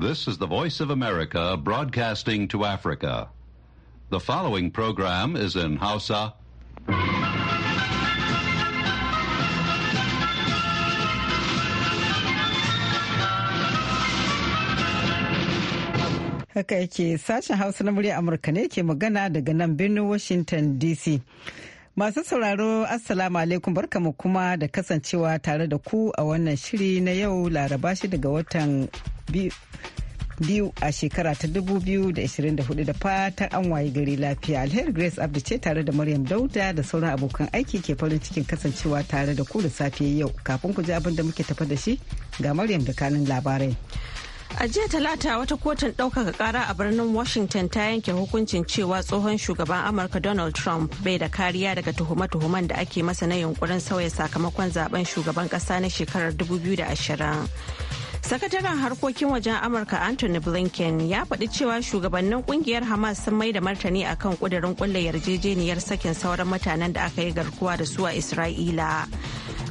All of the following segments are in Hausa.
This is the Voice of America broadcasting to Africa. The following program is in Hausa. Haka yake sashen Hausa na murya Amurka ne ke magana daga nan birnin Washington DC. Masu sauraro Assalamu alaikum barkamu kuma da kasancewa tare da ku a wannan shiri na yau laraba shi daga watan biyu a shekara ta 2024 da fatan an waye gari lafiya alheri grace abdu ce tare da maryam dauda da sauran abokan aiki ke farin cikin kasancewa tare da ku da safe yau kafin ku ji abin da muke tafa da shi ga maryam da kanin labarai A jiya talata wata kotun ɗaukaka ƙara a birnin Washington ta yanke hukuncin cewa tsohon shugaban Amurka Donald Trump bai da kariya daga tuhume tuhuman da ake masa na yunkurin sauya sakamakon zaben shugaban ƙasa na shekarar 2020. Sakataren harkokin wajen Amurka Anthony Blinken ya faɗi cewa shugabannin kungiyar Hamas sun mai da martani akan kudirin ƙulle yarjejeniyar sakin sauran mutanen da aka yi garkuwa da su a Isra'ila.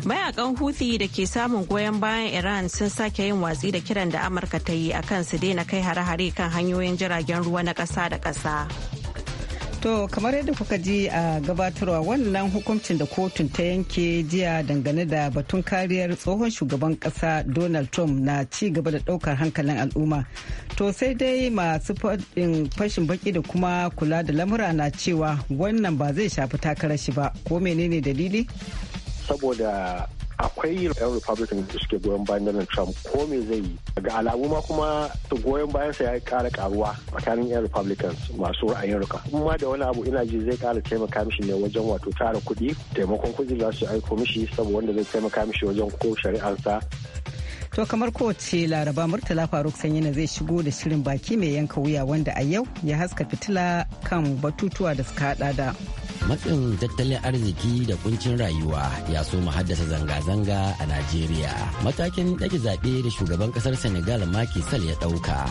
mayakan huthi da ke samun goyon bayan iran sun sake yin watsi da kiran da amurka ta yi akan su daina kai hare-hare kan hanyoyin jiragen ruwa na ƙasa da ƙasa to kamar yadda kuka ji a gabatarwa wannan hukuncin da kotun ta yanke jiya dangane da batun kariyar tsohon shugaban kasa donald trump na ci gaba da ɗaukar hankalin al'umma to sai dai masu fashin baki da kuma kula da lamura na cewa wannan ba zai shafi takarar shi ba ko menene dalili saboda akwai yan republican da suke goyon bayan donald trump ko me zai yi ga alamu ma kuma goyon bayan sa ya kara karuwa tsakanin yan republicans masu ra'ayin ruka kuma da wani abu ina ji zai kara taimaka mishi ne wajen wato tara kuɗi taimakon kuɗi za su aiko mishi saboda wanda zai taimaka mishi wajen ko shari'arsa To kamar kowace laraba Murtala Faruk Sanyina zai shigo da shirin baki mai yanka wuya wanda a yau ya haska fitila kan batutuwa da suka hada da matsin tattalin arziki da kuncin rayuwa ya so mu haddasa zanga-zanga a najeriya matakin ɗage zaɓe da shugaban ƙasar senegal maki sal ya ɗauka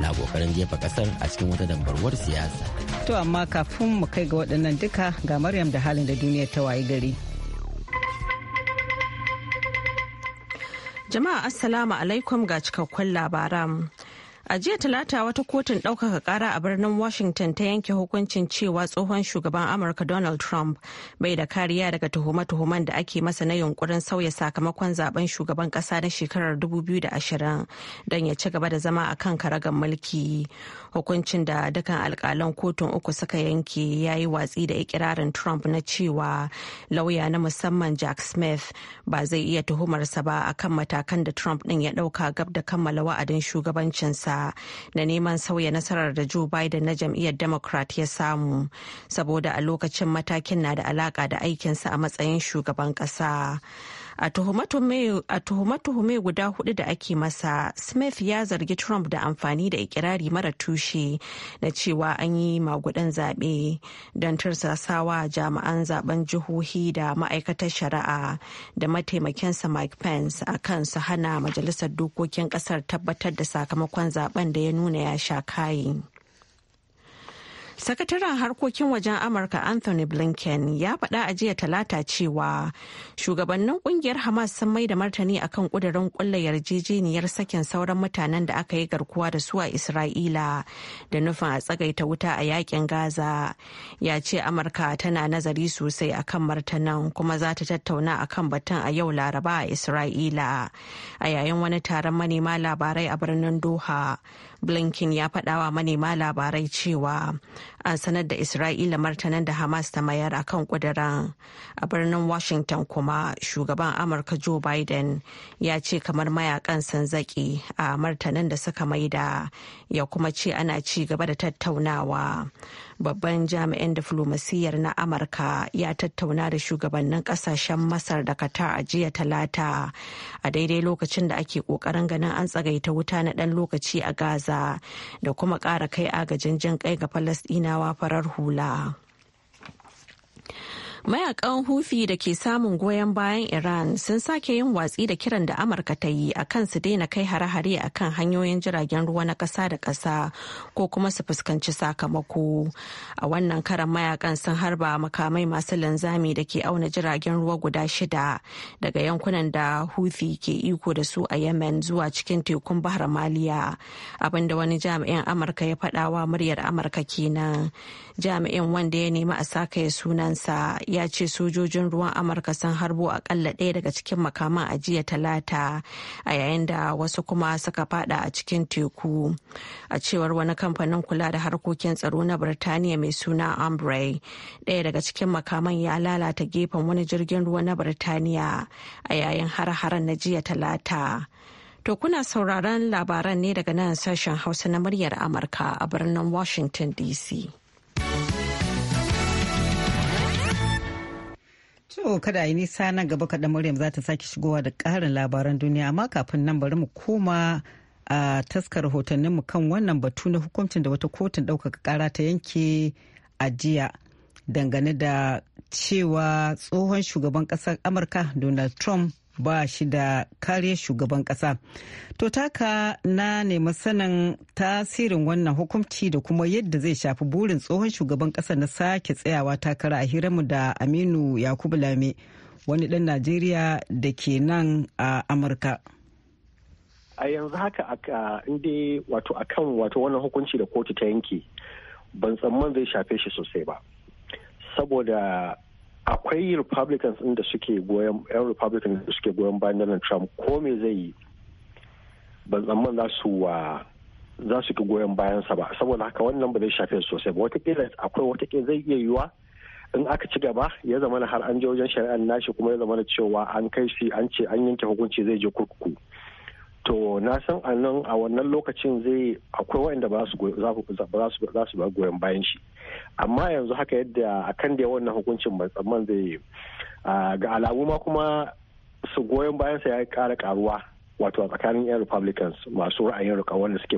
na ƙoƙarin jefa ƙasar a cikin wata dambarwar siyasa to amma kafin mu kai ga waɗannan duka ga maryam da halin da duniya ta wayi gari jama'a assalamu alaikum ga cikakkun labaran A jiya talata wata kotun ɗaukaka ƙara a birnin Washington ta yanke hukuncin cewa tsohon shugaban Amurka Donald Trump bai da kariya daga tuhume-tuhumen da ake masa na yunkurin sauya sakamakon zaben shugaban ƙasa na shekarar 2020 don ya ci gaba da zama a kan karagar mulki. Hukuncin da dukkan alƙalan kotun uku suka yanke ya yi watsi da ikirarin Trump na cewa lauya na musamman Jack Smith ba zai iya tuhumarsa ba akan matakan da Trump ɗin ya ɗauka gab da kammala wa'adin shugabancinsa. ƙasa da neman sauya nasarar da Joe Biden na jam'iyyar Democrat ya samu saboda a lokacin matakin na da alaƙa da aikinsa a matsayin shugaban ƙasa. a tuhume-tuhume guda hudu da ake masa smith ya zargi trump da amfani da ikirari mara tushe na cewa an yi magudan zaɓe don tursasawa jami'an zaben jihohi da ma'aikatar shari'a da mataimakinsa mike pence a kan su hana majalisar dokokin kasar tabbatar da sakamakon zaben da ya nuna ya sha kayi Sakataren harkokin wajen Amurka Anthony Blinken ya faɗa a jiya talata cewa shugabannin kungiyar Hamas sun mai da martani akan ƙudurin ƙulla yarjejeniyar sakin sauran mutanen da aka yi garkuwa da su a Isra'ila da nufin a tsagaita wuta a yakin Gaza. Ya ce Amurka tana nazari sosai akan martanan kuma za ta tattauna akan batun a yau Laraba a Isra'ila a yayin wani taron manema labarai a birnin Doha. blinken ya faɗawa manema labarai cewa an sanar da isra'ila martanan da hamas ta mayar a kan kudirin a birnin washington kuma shugaban amurka joe biden ya ce kamar mayakan sun a martanan da suka maida ya kuma ce ana ci gaba da tattaunawa babban jami'in diflomasiyyar na amurka ya tattauna da shugabannin kasashen masar da qatar a jiya talata a daidai lokacin da ake kokarin ganin an tsagaita wuta na dan lokaci a gaza da kuma kara kai agajin jin kai ga falasdina iraniyawa farar hula mayakan hufi da ke samun goyon bayan iran sun sake yin watsi da kiran da amurka ta yi akan su daina kai hare-hare kan hanyoyin jiragen ruwa na ƙasa da ƙasa ko kuma su fuskanci sakamako a wannan karan mayakan sun harba makamai masu linzami da ke auna jiragen ruwa guda shida daga yankunan da hufi ke iko da su a yemen zuwa cikin tekun bahar maliya abinda wani jami'in amurka ya faɗawa muryar amurka kenan jami'in wanda ya nemi a saka sunansa ya ce sojojin ruwan amurka sun harbo akalla ɗaya daga cikin makaman a jiya talata a yayin da wasu kuma suka fada a cikin teku a cewar wani kamfanin kula da harkokin tsaro na birtaniya mai suna ambrey ɗaya daga cikin makaman ya lalata gefen wani jirgin ruwa na birtaniya a yayin har-haren na jiya talata To kuna sauraron labaran ne daga nan sashen Hausa na muryar Amurka a birnin Washington DC. To kada a yi nisa nan gaba kaɗan Maryam za ta sake shigowa da ƙarin labaran duniya amma kafin nan bari mu koma a taskar rahotanninmu kan wannan batu na hukuncin da wata kotun ɗaukaka ƙara ta yanke a jiya dangane da cewa tsohon shugaban ƙasar Amurka Donald Trump ba shi da kariyar shugaban kasa. To taka na nema sanin tasirin wannan hukunci da kuma yadda zai shafi burin tsohon shugaban kasa na sake tsayawa takara a hiranmu da Aminu Yakubu Lame wani ɗan Najeriya da ke nan a Amurka. A yanzu haka inda wato a kan wato wannan hukunci da kotu ta yanki ban tsamman zai shafe shi sosai ba. Saboda akwai republicans da suke goyon yan republicans da suke goyon bayan donald trump ko me zai yi ban tsamman za su wa za su ki goyon bayansa ba saboda haka wannan ba zai shafe sosai ba watakila akwai watakila zai iya yiwa in aka ci gaba ya zama har an je wajen shari'ar nashi kuma ya zama cewa an kai shi an ce an yanke hukunci zai je kurkuku to na san a nan a wannan lokacin zai akwai waɗanda ba su ba goyon bayan shi amma yanzu haka yadda akan da wannan hukuncin ban tsamman zai ga alamu ma kuma su goyon bayan sa ya kara karuwa wato a tsakanin yan republicans masu ra'ayin rika wanda suke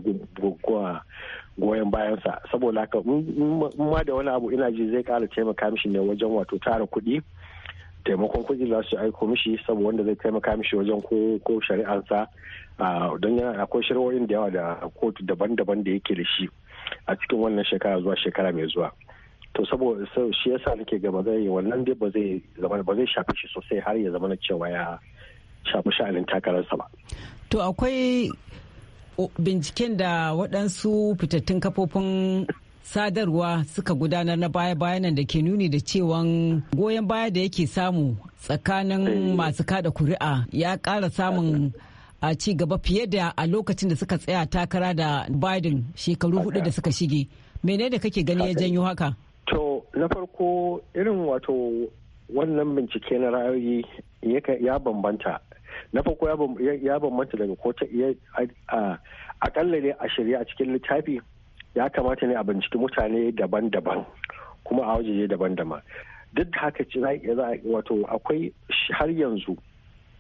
goyon bayan sa saboda haka ma da wani abu ina ji zai kara taimaka mishi ne wajen wato tara kuɗi taimakon kuɗi za su aiko mishi saboda wanda zai taimaka mishi wajen ko ko shari'arsa don yana akwai shari'o'in da yawa da kotu daban-daban da yake da shi a cikin wannan shekara zuwa shekara mai zuwa to saboda shi yasa nake gaba zai wannan dai ba zai zama ba zai shafi shi sosai har ya zama na cewa ya shafi sha'anin takararsa ba to akwai binciken da waɗansu fitattun kafofin sadarwa suka gudanar na baya-bayanan da ke nuni da cewa goyon baya da yake samu tsakanin eh. masu kada kuri'a ya kara samun a ci gaba fiye da a lokacin da suka tsaya takara da biden shekaru hudu da suka shige mene da kake gani ya janyo haka to na farko irin wato wannan bincike na ra'ayoyi ya bambanta na farko ya bambanta daga kotu akalla ne a shirya a cikin littafi ya kamata ne a binciki mutane daban-daban kuma a wajeje daban-daban duk da haka ci wato akwai har yanzu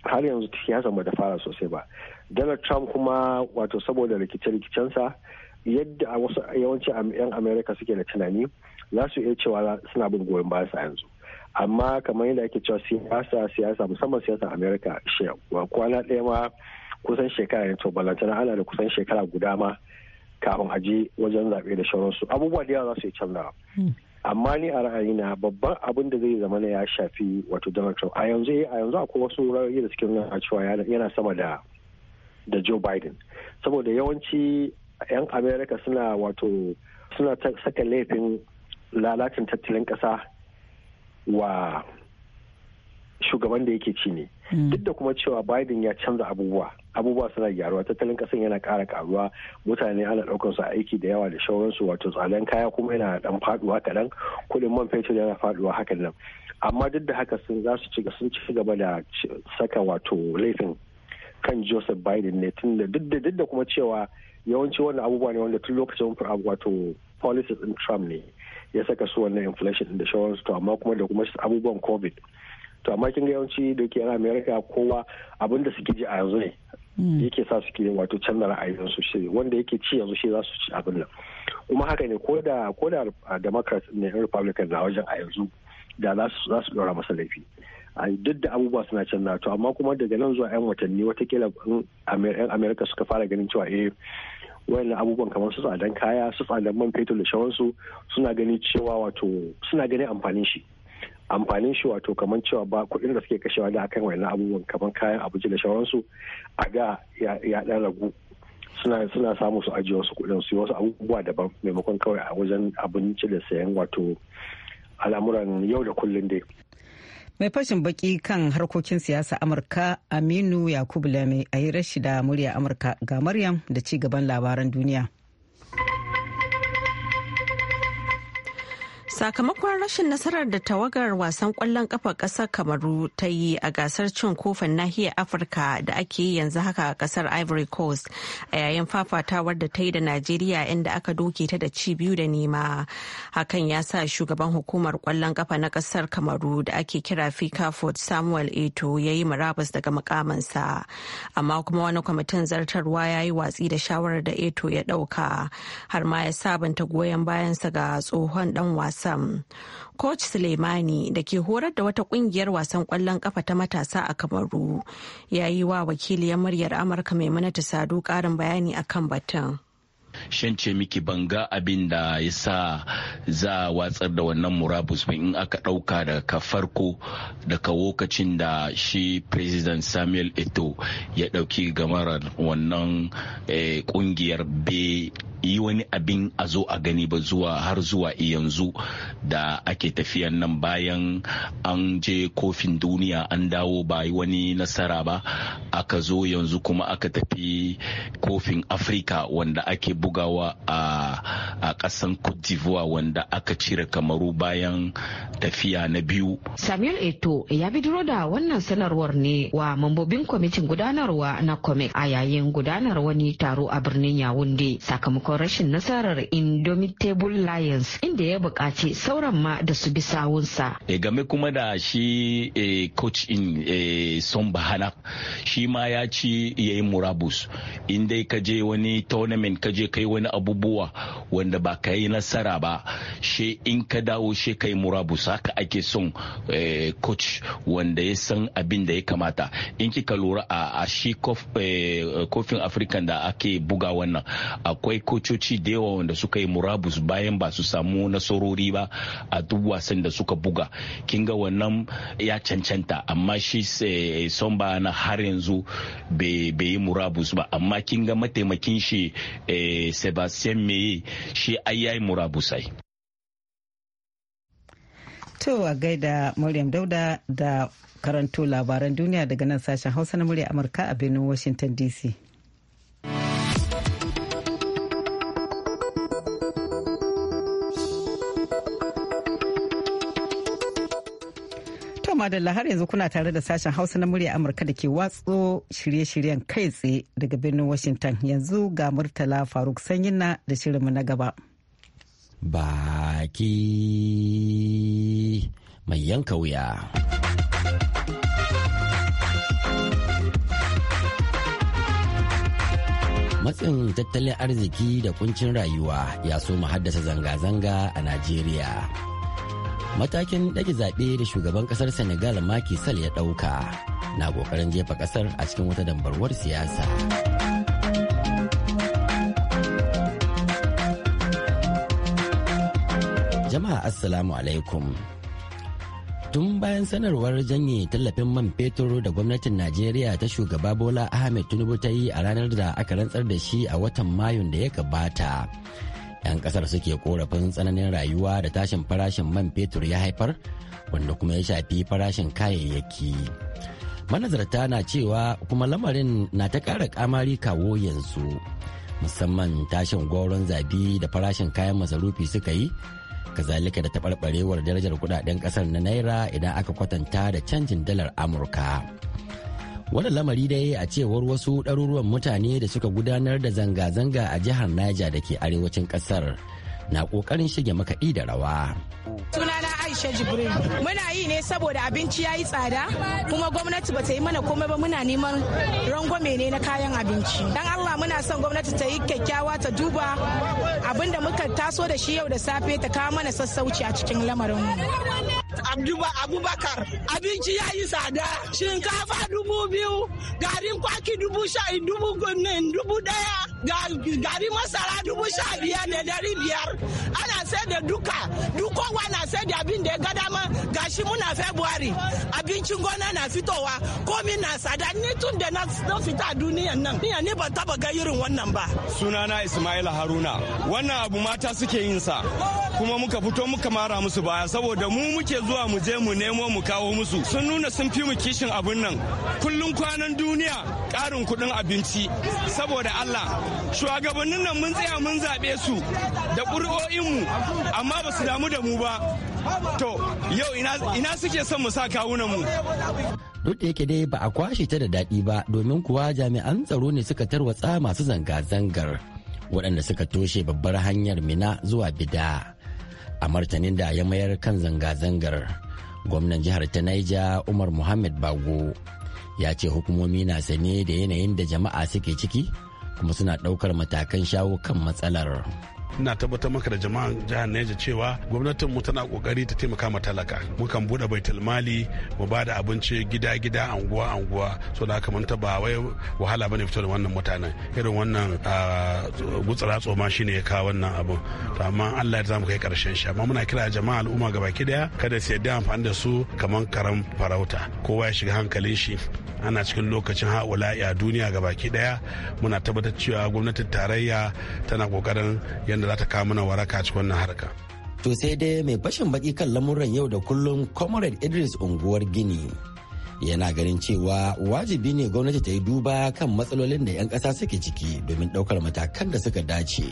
har yanzu siyasa ba da fara sosai ba donald trump kuma wato saboda rikice-rikicensa yadda a wasu yawanci yan america suke da tunani za su iya cewa suna bin goyon bayan sa yanzu amma kamar yadda ake cewa siyasa siyasa musamman siyasa america kwana ɗaya ma kusan shekara ne to balantana ana da kusan shekara guda ma kafin aje wajen zaɓe da shawararsu abubuwa da yawa za su yi canza hmm. amma ni a ra'ayi na babban abin da zai zama na ya shafi wato donald trump a yanzu eh, a yanzu akwai wasu ra'ayi da suke nuna cewa yana sama da da joe biden saboda yawanci 'yan america suna wato suna saka laifin lalacin tattalin ƙasa wa shugaban da yake ci ne hmm. duk da kuma cewa biden ya canza abubuwa abubuwa suna gyaruwa tattalin kasan yana kara karuwa mutane ana ɗaukar su aiki da yawa da shauransu wato tsadan kaya kuma yana ɗan faɗuwa kaɗan kuɗin man fetur yana faduwa hakan nan amma duk da haka sun za su sun ci gaba da saka wato laifin kan joseph biden ne tun da duk da kuma cewa yawanci wannan abubuwa ne wanda tun lokacin wato policies in trump ne ya saka su wannan inflation da shawararsu to amma kuma da kuma abubuwan covid to amma kin ga yawanci da ke america kowa abin da suke ji a yanzu ne Mm. yake sa suke wato canza su shi wanda yake ci yanzu shi za su ci abin nan kuma haka ne ko da ko da democrat ne republican na wajen a yanzu da za su za su dora masa laifi duk da abubuwa suna canza to amma kuma daga nan zuwa 'yan watanni watakila 'yan america suka fara ganin cewa eh wayanna abubuwan kamar su tsadan kaya su tsadan man fetur da shawansu suna gani cewa wato suna ganin amfanin shi amfanin shi wato kamar cewa ba kuɗin da suke kashewa da akan wani abubuwan kamar kayan abinci da sauransu a ga ya dan ragu suna suna samu su ajiye wasu kuɗin su wasu abubuwa daban maimakon kawai a wajen abinci da sayan wato al'amuran yau da kullum dai mai fashin baki kan harkokin siyasa amurka aminu yakubu lame a yi rashi da murya amurka ga maryam da ci gaban labaran duniya Sakamakon rashin nasarar da tawagar wasan kwallon kafa ƙasar Kamaru ta yi a gasar cin kofin nahiyar Afirka da ake yi yanzu haka a ƙasar Ivory Coast a yayin fafatawar da ta yi da Najeriya inda aka doke ta da ci biyu da nema. Hakan ya sa shugaban hukumar kwallon kafa na ƙasar Kamaru da ake kira Fika Ford Samuel Eto ya yi murabus daga mukamansa Amma kuma wani kwamitin zartarwa ya yi watsi da shawarar da Eto ya ɗauka har ma ya sabunta goyon bayansa ga tsohon dan wasa. Sam. Coach Suleimani da ke horar da wata kungiyar wasan kwallon kafa ta matasa a Kamaru ya yi wa wakiliyar muryar Amurka ta Sadu karin bayani akan batun. shance miki banga abin da ya sa za a watsar da wannan murabus in aka ɗauka daga farko daga lokacin da shi president samuel eto ya ɗauki gamarar wannan kungiyar eh, bai yi wani abin a zo a gani ba zuwa har zuwa yanzu da ake tafiyan nan bayan an je kofin duniya an dawo ba yi wani nasara ba aka zo yanzu kuma aka tafi kofin afirka wanda ake bugawa a kasan cote d'ivoire wanda aka cire kamaru bayan tafiya na biyu samuel eto ya bidiro da wannan sanarwar ne wa mambobin kwamitin gudanarwa na comic a yayin gudanar wani taro a birnin yawunde sakamakon sakamakon rashin nasarar Indomitable Lions inda ya bukaci sauran ma da su bi sawunsa. E game kuma da shi e, coach in e, Son Bahana shi ma ya ci ya yi murabus inda ka je wani tournament ka je kai wani abubuwa wanda ba ka yi nasara ba she in ka dawo she yi murabus haka ake son e, coach wanda ya san abin da ya kamata in kika lura a, a shi e, kofin e, da ake buga wannan akwai coach kococi da yawa wanda suka yi murabus bayan ba su samu nasarori ba a duk wasan da suka buga kin ga wannan ya cancanta amma shi eh, son ba na har yanzu bai yi murabus ba amma kin ga mataimakin shi eh, sebastian meye shi ai yayi murabusai. To a gaida Maryam Dauda da karanto labaran duniya daga nan sashen Hausa na murya Amurka a birnin Washington DC. madalla har yanzu kuna tare da sashen hausa na murya amurka da ke watso shirye-shiryen kai tsaye daga birnin washington yanzu ga murtala faruk sanyina da shirinmu na gaba baki mai yanka wuya matsin tattalin arziki da kuncin rayuwa ya so mu haddasa zanga-zanga a najeriya matakin ɗage zaɓe da shugaban ƙasar senegal Macky sal ya ɗauka na ƙoƙarin jefa ƙasar a cikin wata dambarwar siyasa jama'a assalamu alaikum tun bayan sanarwar janye tallafin man fetur da gwamnatin najeriya ta shugaba bola ahmed tinubu ta yi a ranar da aka rantsar da shi a watan mayun da ya gabata 'yan kasar suke korafin tsananin rayuwa da tashin farashin man fetur ya haifar wanda kuma ya shafi farashin kayayyaki manazarta na cewa kuma lamarin na ta ƙara kamari kawo yanzu musamman tashin goron zabi da farashin kayan masarufi suka yi kazalika da taɓarɓarewar darajar kudaden ƙasar na naira idan aka kwatanta da canjin dalar amurka Wannan lamari da dai a cewar wasu ɗaruruwan mutane da suka gudanar da zanga-zanga a jihar Niger da ke arewacin ƙasar. na kokarin shige makaɗi da rawa. Sunana Aisha Jibril muna yi ne saboda abinci ya yi tsada kuma gwamnati ba ta yi mana komai ba muna neman rangwame ne na kayan abinci. Dan Allah muna son gwamnati ta yi kyakkyawa ta duba abin da muka taso da shi yau da safe ta kawo mana sassauci a cikin lamarin abubakar abinci ya yi tsada shinkafa dubu biyu garin kwaki dubu sha dubu dubu daya garin masara dubu sha biyar da dari biyar ana sai da duka dukowa na sai da abin da ya ga dama gashi muna february abincin gona na fitowa komi na tsada ni tun da na fita duniyan nan ni ban taba ga irin wannan ba sunana ismail haruna wannan abu mata suke yin sa kuma muka fito muka mara musu baya saboda mu muke zuwa mu je mu nemo mu kawo musu sun nuna sun fi mu kishin abin nan kullun kwanan duniya ƙarin kuɗin abinci saboda Allah shugabannin nan mun tsaya mun zaɓe su da mu amma ba su damu da mu ba to yau ina suke son mu sa kawunan mu duk da yake dai ba a kwashe ta da daɗi ba domin kuwa jami'an tsaro ne suka tarwatsa masu zanga-zangar waɗanda suka toshe babbar hanyar mina zuwa bida a martanin da ya mayar kan zanga-zangar gwamnan jihar ta naija umar muhammad bago ya ce hukumomi na sane da yanayin da jama'a suke ciki kuma suna ɗaukar matakan shawo kan matsalar ina tabbatar maka da jama'an jihar Neja cewa gwamnatin mu tana kokari ta taimaka ma talaka mukan bude baitul mali mu bada abinci gida gida anguwa anguwa so da haka ta ba wai wahala bane fito da wannan mutanen irin wannan ah, gutsara tsoma shine ya kawo wannan abu to amma Allah ya zamu kai karshen shi amma muna kira jama'a al'umma gabaki daya kada su yadda amfani da su kaman karam farauta kowa ya shiga hankalin shi ana cikin lokacin haula a duniya gabaki daya muna tabbatar cewa gwamnatin tarayya tana kokarin yanda da za ta kawo mana waraka cikin wannan harka. To sai dai mai fashin baki kan lamuran yau da kullum Comrade Idris unguwar Gini. Yana ganin cewa wajibi ne gwamnati ta yi duba kan matsalolin da 'yan ƙasa suke ciki domin ɗaukar matakan da suka dace.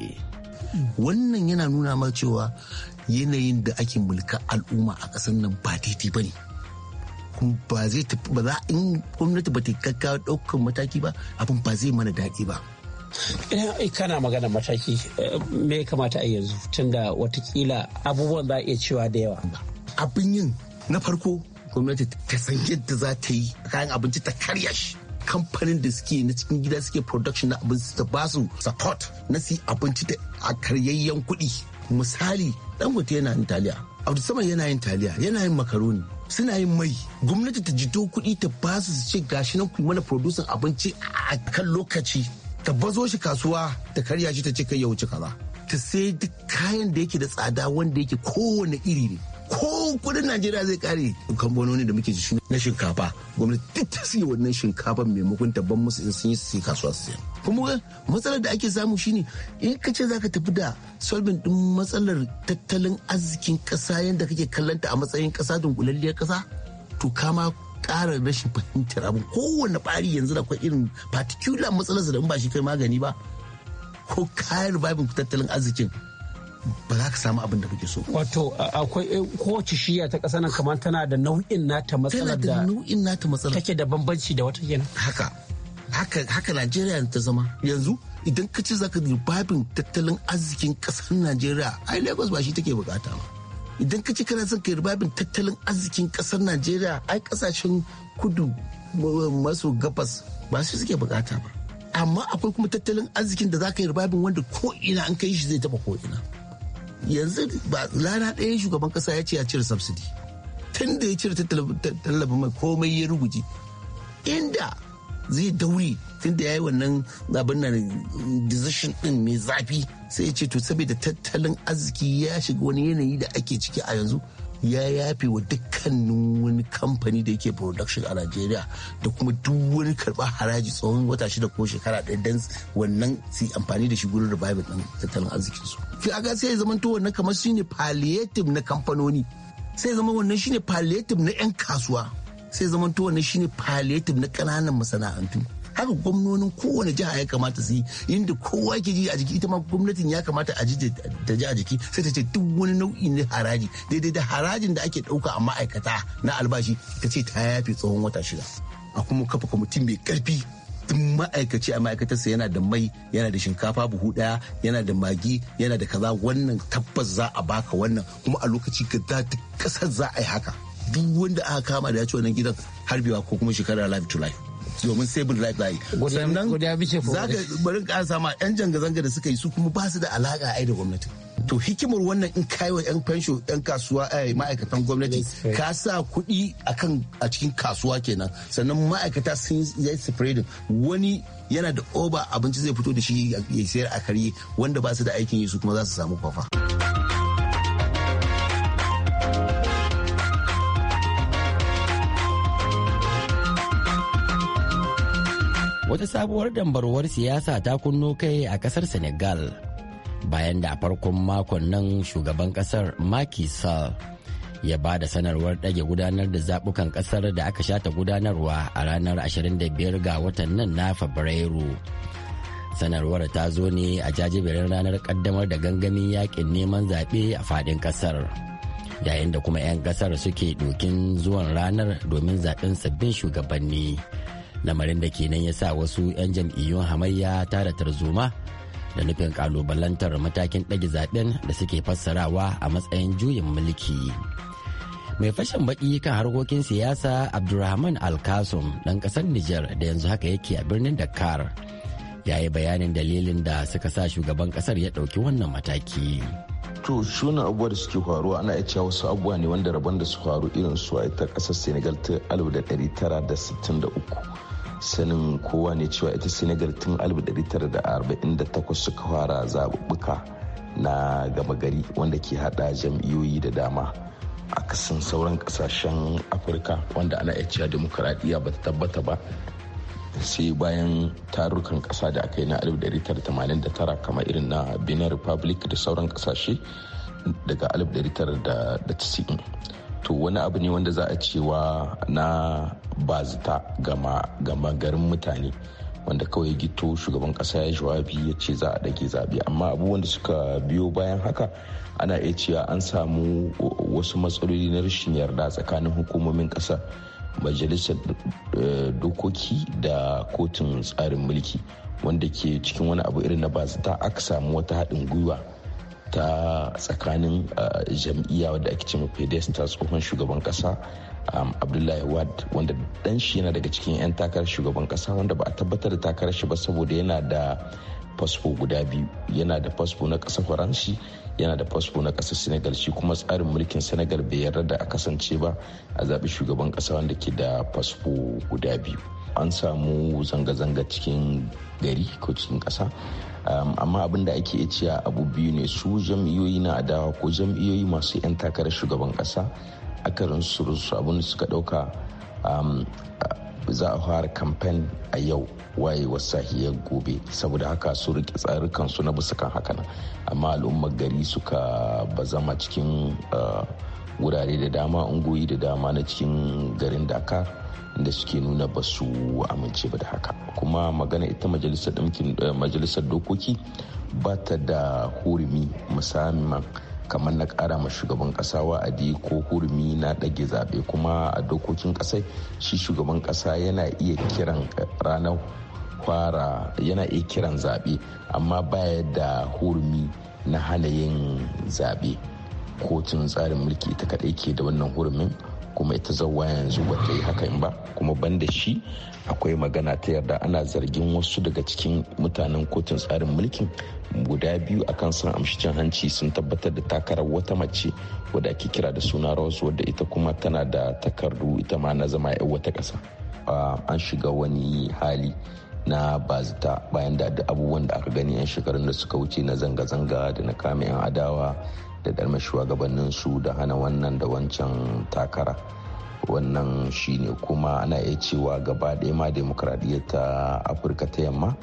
Wannan yana nuna ma cewa yanayin da ake mulka al'umma a ƙasar nan ba daidai ba ne. ba za in gwamnati ba ta kakka ɗaukar mataki ba abin ba zai mana daɗi ba. Eh, kana magana mataki eh, me ya kamata a yanzu tunda watakila abubuwan za a iya cewa da yawa abin yin na farko gwamnati ta san yadda za ta yi kayan abinci ta karya shi kamfanin da suke na cikin gida suke production na abinci ta ba su support na su abinci da a karyayyen kuɗi misali dangote yana yin taliya abu sama yana yin taliya yana yin makaroni suna yin mai gwamnati ta jito kuɗi ta su su ce gashi nan ku mana producing abinci a kan lokaci ta bazo shi kasuwa ta karya shi ta ce kai ya wuce kaza ta sai duk kayan da yake da tsada wanda yake kowane iri ne ko kudin najeriya zai kare kamfanoni da muke ji na shinkafa gwamnati duk ta siya wannan shinkafa maimakon ban musu in sun yi su kasuwa su siya kuma matsalar da ake samu shine in ka ce zaka tafi da solving din matsalar tattalin arzikin kasa yadda kake kallanta a matsayin kasa dunkulalliyar kasa to kama ƙara rashin fahimtar abin kowane ɓari yanzu da kwa irin particular matsalarsa da in ba shi kai magani ba ko kayan babin tattalin arzikin ba za ka samu abin da kake so. Wato akwai eh, kowace shiya ta ƙasa nan kamar tana da nau'in nata matsalar da nau'in nata matsalar take da bambanci da wata kenan. Haka haka haka Najeriya ta zama yanzu idan ka ci zaka babin tattalin arzikin ƙasar Najeriya ai Lagos ba shi take bukata ba. idan ka ce kana son ka rubabin tattalin arzikin kasar najeriya ai kasashen kudu maso gabas ba su suke bukata ba amma akwai kuma tattalin arzikin da za ka yi rubabin wanda ko ina an kai shi zai taba ko ina yanzu ba rana ɗaya shugaban kasa ya ce ya cire subsidy tun da ya cire tallafin mai komai ya rubuce inda zai da tunda yi wannan abin nan decision din mai zafi sai ya ce to saboda tattalin arziki ya shiga wani yanayi da ake ciki a yanzu ya yafe wa dukkanin wani kamfani da yake production a Najeriya da kuma duk wani karɓar haraji tsawon wata shida ko shekara ɗaya don wannan su amfani da shi gurin revival ɗin tattalin arzikin su. Fi aga sai ya zamanto wannan kamar shine palliative na kamfanoni sai zama wannan shine palliative na 'yan kasuwa sai zaman to wannan shine palliative na kananan masana'antu haka gwamnonin kowane jiha ya kamata su yi inda kowa ke ji a jiki ita ma gwamnatin ya kamata a ji ta ji a jiki sai ta ce duk wani nau'i na haraji daidai da harajin da ake ɗauka a ma'aikata na albashi ta ce ta yafe tsawon wata shida a kuma kafa kwamitin mai karfi duk ma'aikaci a ma'aikatarsa yana da mai yana da shinkafa buhu daya yana da magi yana da kaza wannan tabbas za a baka wannan kuma a lokaci ga kasar za a yi haka duk wanda aka kama da ya ci wannan gidan harbewa ko kuma shekara life to life domin saving life za yi sannan za ka bari ƙasa ma 'yan zanga-zanga da suka yi su kuma ba su da alaƙa ai da gwamnati to hikimar wannan in kai wa 'yan fensho 'yan kasuwa eh, ma'aikatan gwamnati ka sa kuɗi a cikin kasuwa kenan sannan ma'aikata sun yi spreading wani yana da oba abinci zai fito da shi ya sayar a karye wanda ba su da aikin yi su kuma za su samu kwafa. wata sabuwar dambarwar siyasa ta kunno kai a kasar senegal bayan da a farkon makon nan shugaban kasar Macky Sall ya ba da sanarwar ɗage gudanar da zaɓukan ƙasar da aka shata gudanarwa a ranar 25 ga watan nan na Fabrairu. Sanarwar ta zo ne a jajiberin ranar ƙaddamar da gangamin yakin neman zaɓe a faɗin ƙasar. Yayin da kuma 'yan ƙasar suke dokin zuwan ranar domin zaɓen sabbin shugabanni. lamarin da kenan ya sa wasu 'yan jam'iyyun hamayya tara tarzoma da nufin kalubalantar matakin ɗage zaɓen da suke fassarawa a matsayin juyin mulki mai fashin baki kan harkokin siyasa abdulrahman alkasum ɗan ƙasar niger da yanzu haka yake a birnin dakar ya yi bayanin dalilin da suka sa shugaban ƙasar ya ɗauki wannan mataki. to shuna abubuwa da suke faruwa ana iya cewa wasu abubuwa ne wanda rabon da su faru irin su a ita ƙasar senegal ta 1963 sanin kowa ne cewa ita senegal tun 1948 suka fara zaɓuɓɓuka na gama gari wanda ke hada jam'iyyoyi da dama a kasan sauran kasashen afirka wanda ana iya cewa demokuraɗiyya ba ta tabbata ba sai bayan tarukan kasa da aka yi na 1989 kamar irin na benin republic da sauran kasashe daga 1990 to wani abu ne wanda za a cewa na bazita gama garin mutane wanda kawai gito shugaban kasa ya jawabi ya ce za a dage zaɓe amma abu wanda suka biyo bayan haka ana iya cewa an samu wasu matsaloli na rashin yarda tsakanin hukumomin ƙasa majalisar eh, dokoki da kotun tsarin mulki wanda ke cikin wani abu irin na bazita aka samu wata haɗin gwiwa ta tsakanin uh, jam'iyya wadda ake ce pds ta tsohon shugaban kasa um, abdullahi wad wanda dan shi yana daga cikin 'yan takarar shugaban kasa wanda ba a tabbatar da takarar shi ba saboda yana da fasfo guda biyu yana da fasfo na kasa faranshi yana da fasfo na kasa senegal shi kuma tsarin mulkin senegal bai yarda da a kasance ba a zaɓi shugaban kasa wanda ke da fasfo guda biyu an samu zanga-zanga cikin gari ko cikin kasa. Um, amma abin da ake cewa abu biyu ne su jam'iyyoyi na adawa ko jam'iyyoyi masu 'yan takarar shugaban kasa karin su abin da suka dauka um, za a fara kamfen a yau waye wasahiyar gobe saboda haka su rike tsarukansu na bisa kan haka nan amma al'ummar gari suka zama cikin uh, wurare da dama ungoyi da dama na cikin garin dakar da suke nuna ba su amince ba da haka kuma magana ita majalisar eh, dokoki ba ta da hurumi musamman kamar na kara ma shugaban kasa wa'adi ko hurumi na ɗage zaɓe kuma a dokokin ƙasai shi shugaban kasa yana iya kiran eh, ranar fara yana iya kiran zaɓe amma baya da hurumi na hana yin zaɓe kotun tsarin mulki ita kaɗai ke da wannan hurumin kuma ita zauwa yanzu ba yi haka in ba kuma banda shi akwai magana ta yarda ana zargin wasu daga cikin mutanen kotun tsarin mulkin guda biyu akan sun amshi cin hanci sun tabbatar da takarar wata mace wadda ake kira da suna rose wadda ita kuma tana da takardu ita ma na zama 'yan wata kasa an shiga wani hali na bazita bayan da abubuwan da aka gani 'yan shekarun da suka wuce na zanga-zanga da na kame 'yan adawa da shugabannin su da hana wannan da wancan takara wannan shine kuma ana iya cewa gaba ɗaya ma demokradiyyar ta afirka ta yamma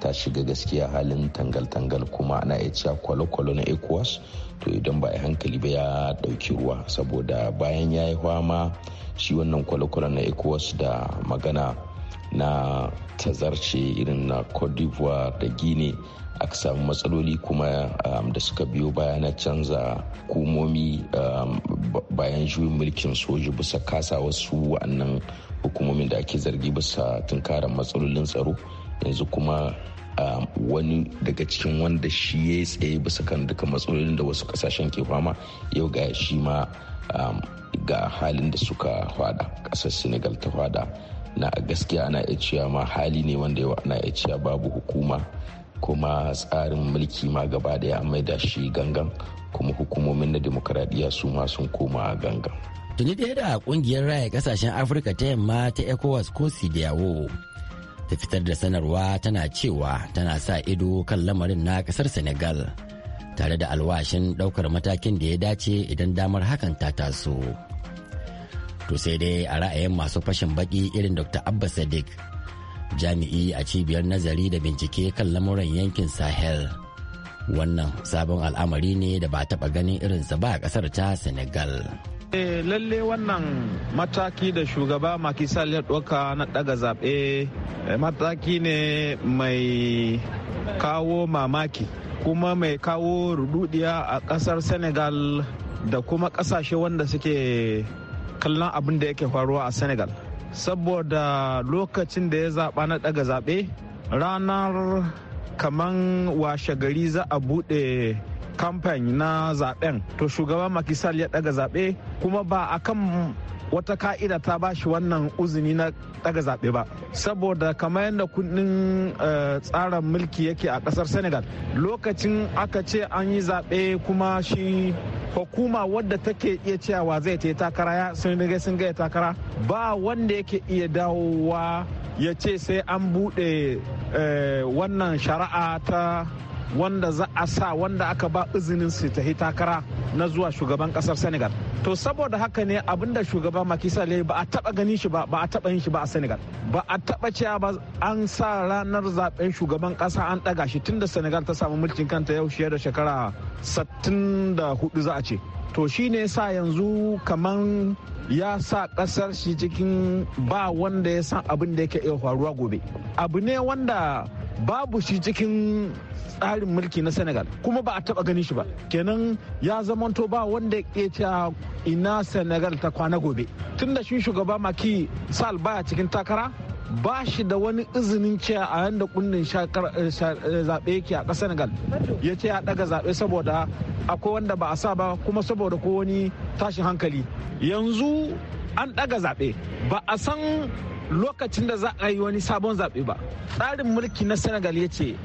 ta shiga gaskiya halin tangal-tangal kuma ana iya cewa kwalo-kwalo na ecowas to idan ba a hankali ba ya ɗauki ruwa saboda bayan ya yi fama shi wannan kwalo-kwalo na ecowas da magana na tazarce irin na cote d'ivoire da guinea aka samu matsaloli kuma um, da suka biyo baya na canza hukumomi um, bayan juyin mulkin soji bisa kasa wasu wa'annan hukumomin da ake zargi bisa tunkarar matsalolin tsaro yanzu kuma um, wani daga cikin wanda shi ya tsaye bisa kan duka matsalolin da wasu kasashen ke fama yau ga shi ma ga halin da suka fada kasar senegal ta fada na gaskiya ana iya cewa ma hali ne wanda yawa ana iya cewa babu hukuma kuma tsarin mulki ma gaba daya amai da shi gangan kuma hukumomin na demokuraɗiyya su ma sun koma gangan tuni ɗaya da ƙungiyar raya ƙasashen afirka ta yamma ta ecowas ko sidiyawo ta fitar da sanarwa tana cewa tana sa ido kan lamarin na ƙasar senegal tare da alwashin ɗaukar matakin da ya dace idan damar hakan ta taso to sai dai a ra'ayin masu fashin baki irin dr abba sadiq jami'i a cibiyar nazari da bincike kan lamuran yankin sahel wannan sabon al'amari ne da ba taɓa ganin irinsa ba a ƙasar ta senegal eh, lalle wannan mataki da shugaba makisal ya ɗauka na ɗaga zaɓe eh, mataki ne mai kawo mamaki kuma mai kawo rududiya a ƙasar senegal da kuma ƙasashe wanda suke kallon abin da yake faruwa a senegal saboda lokacin da ya zaɓa na ɗaga zaɓe ranar kaman washe gari za a buɗe kamfan na zaɓen to shugaban makisal ya ɗaga zaɓe kuma ba a kan wata ka'ida ta ba shi wannan uzini na ɗaga zaɓe ba saboda kamar yadda kundin eh, tsarin mulki yake a ƙasar senegal lokacin aka ce an yi zaɓe kuma shi hukuma wadda take iya cewa zai ta takara ya sun riga sun gaya takara ba wanda yake iya dawowa ya ce sai an buɗe eh, wannan shari'a ta wanda za a sa wanda aka ba izinin su ta takara na zuwa shugaban kasar senegal to saboda haka ne abinda shugaba makisa ya ba a taba gani shi ba ba a taba yin shi ba a senegal ba a taba cewa ba an sa ranar zaben shugaban kasa an daga shi tunda senegal ta samu mulkin kanta yau shi da shekara da hudu za a ce to shi ne sa yanzu kamar ya sa kasar shi cikin ba wanda ya san abin da yake iya faruwa gobe abu ne wanda babu shi cikin tsarin mulki na senegal kuma ba a taba ganin shi ba kenan ya zamanto ba wanda ya ce ina senegal ta kwana gobe tunda shi shugaba maki sal baya cikin takara ba shi da wani izinin cewa a yanda kundin eh, eh, zaɓe yake a ƙasar senegal ya ce ya ɗaga zaɓe saboda akwai wanda ba a sa ba kuma saboda ko wani tashin hankali yanzu an ɗaga zaɓe ba a san lokacin da za a yi wani sabon zaɓe ba tsarin mulki na senegal ya ce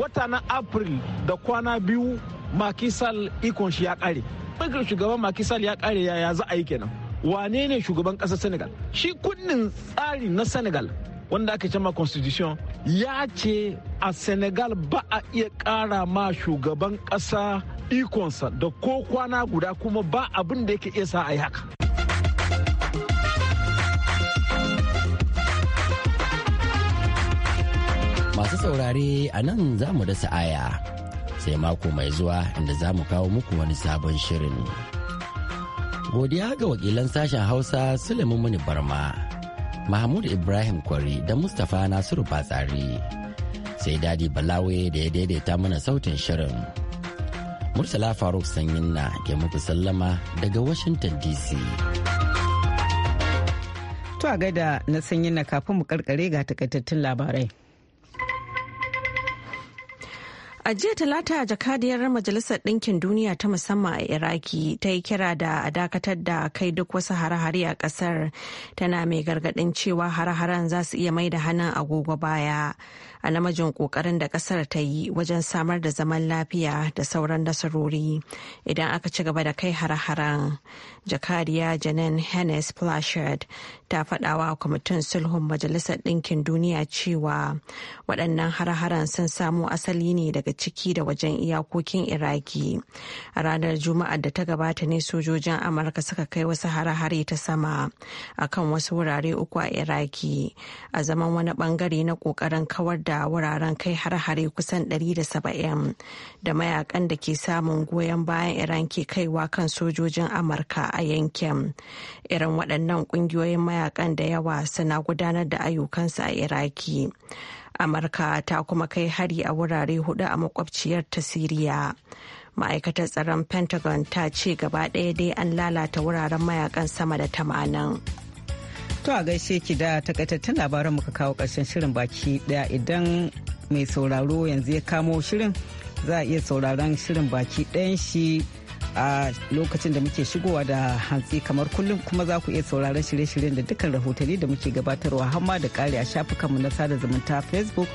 wata na april da kwana biyu makisal ikon shi ya ƙare ɓirgar shugaban makisal ya ƙare yaya za a yi kenan wane ne shugaban ƙasar senegal shi kundin tsari na senegal wanda aka cema constitution ya ce a senegal ba a iya ƙara ma shugaban ƙasa ikonsa da ko kwana guda kuma ba abin da yake iya sa a yi haka Masu saurare a nan za mu dasa aya sai mako mai zuwa inda za mu kawo muku wani sabon shirin. Godiya ga wakilan sashen Hausa Suleiman Barma, Mahmud Ibrahim Kwari da Mustapha Nasiru Batsari. Sai Dadi Balawe da ya daidaita mana sautin shirin. Mursala Faruk Sanyin na ke muku sallama daga Washington DC. To a gaida na Sanyin na kafin mu karkare ga takaitattun labarai. A jiya talata jakadiyar Majalisar Ɗinkin Duniya ta musamman a Iraki ta yi kira da a dakatar da kai duk wasu hare-hare a ƙasar tana mai gargaɗin cewa hare-haren za su iya mai da hannun agogo baya a namijin ƙoƙarin da ƙasar ta yi wajen samar da zaman lafiya da sauran nasarori idan aka ci gaba da kai hare-haren. Jakadiya Janen Hennes Plashard ta faɗawa kwamitin sulhun Majalisar Ɗinkin Duniya cewa waɗannan hare-haren sun samo asali ne daga ciki da wajen iyakokin iraki a ranar juma'a da ta gabata ne sojojin amurka suka kai wasu hare-hare ta sama akan wasu wurare uku a iraki a zaman wani bangare na kokarin kawar da wuraren kai hare-hare kusan 170 da mayakan da ke samun goyon bayan iran ke kaiwa kan sojojin amurka a yankin irin waɗannan ƙungiyoyin mayakan da yawa suna gudanar da ayyukansu a iraki amurka ta kuma kai hari a wurare hudu a makwabciyar ta siriya ma'aikatar tsaron pentagon ta ce gaba ɗaya dai an lalata wuraren mayakan sama da tamanin. to a gaishe ki da takaitattun labaran muka kawo karshen shirin baki ɗaya idan mai sauraro yanzu ya kamo shirin za a iya sauraron shirin baki ɗayan shi a lokacin da muke shigowa da hantsi kamar kullum kuma za ku iya sauraron shirye-shiryen da dukkan rahotanni da muke gabatarwa hamma da kare a shafukanmu na sada zumunta facebook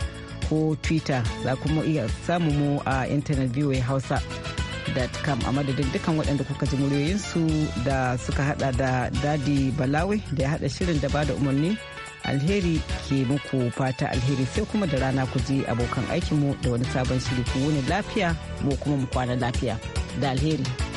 ko twitter za kuma iya samu mu a intanet voa hausa com a madadin dukkan waɗanda kuka ji muryoyinsu da suka hada da dadi balawe da ya hada shirin da bada umarni alheri ke muku fata alheri sai kuma da rana ku je abokan aikinmu da wani sabon shiri ku wuni lafiya mu kuma mu kwana lafiya. da alheri.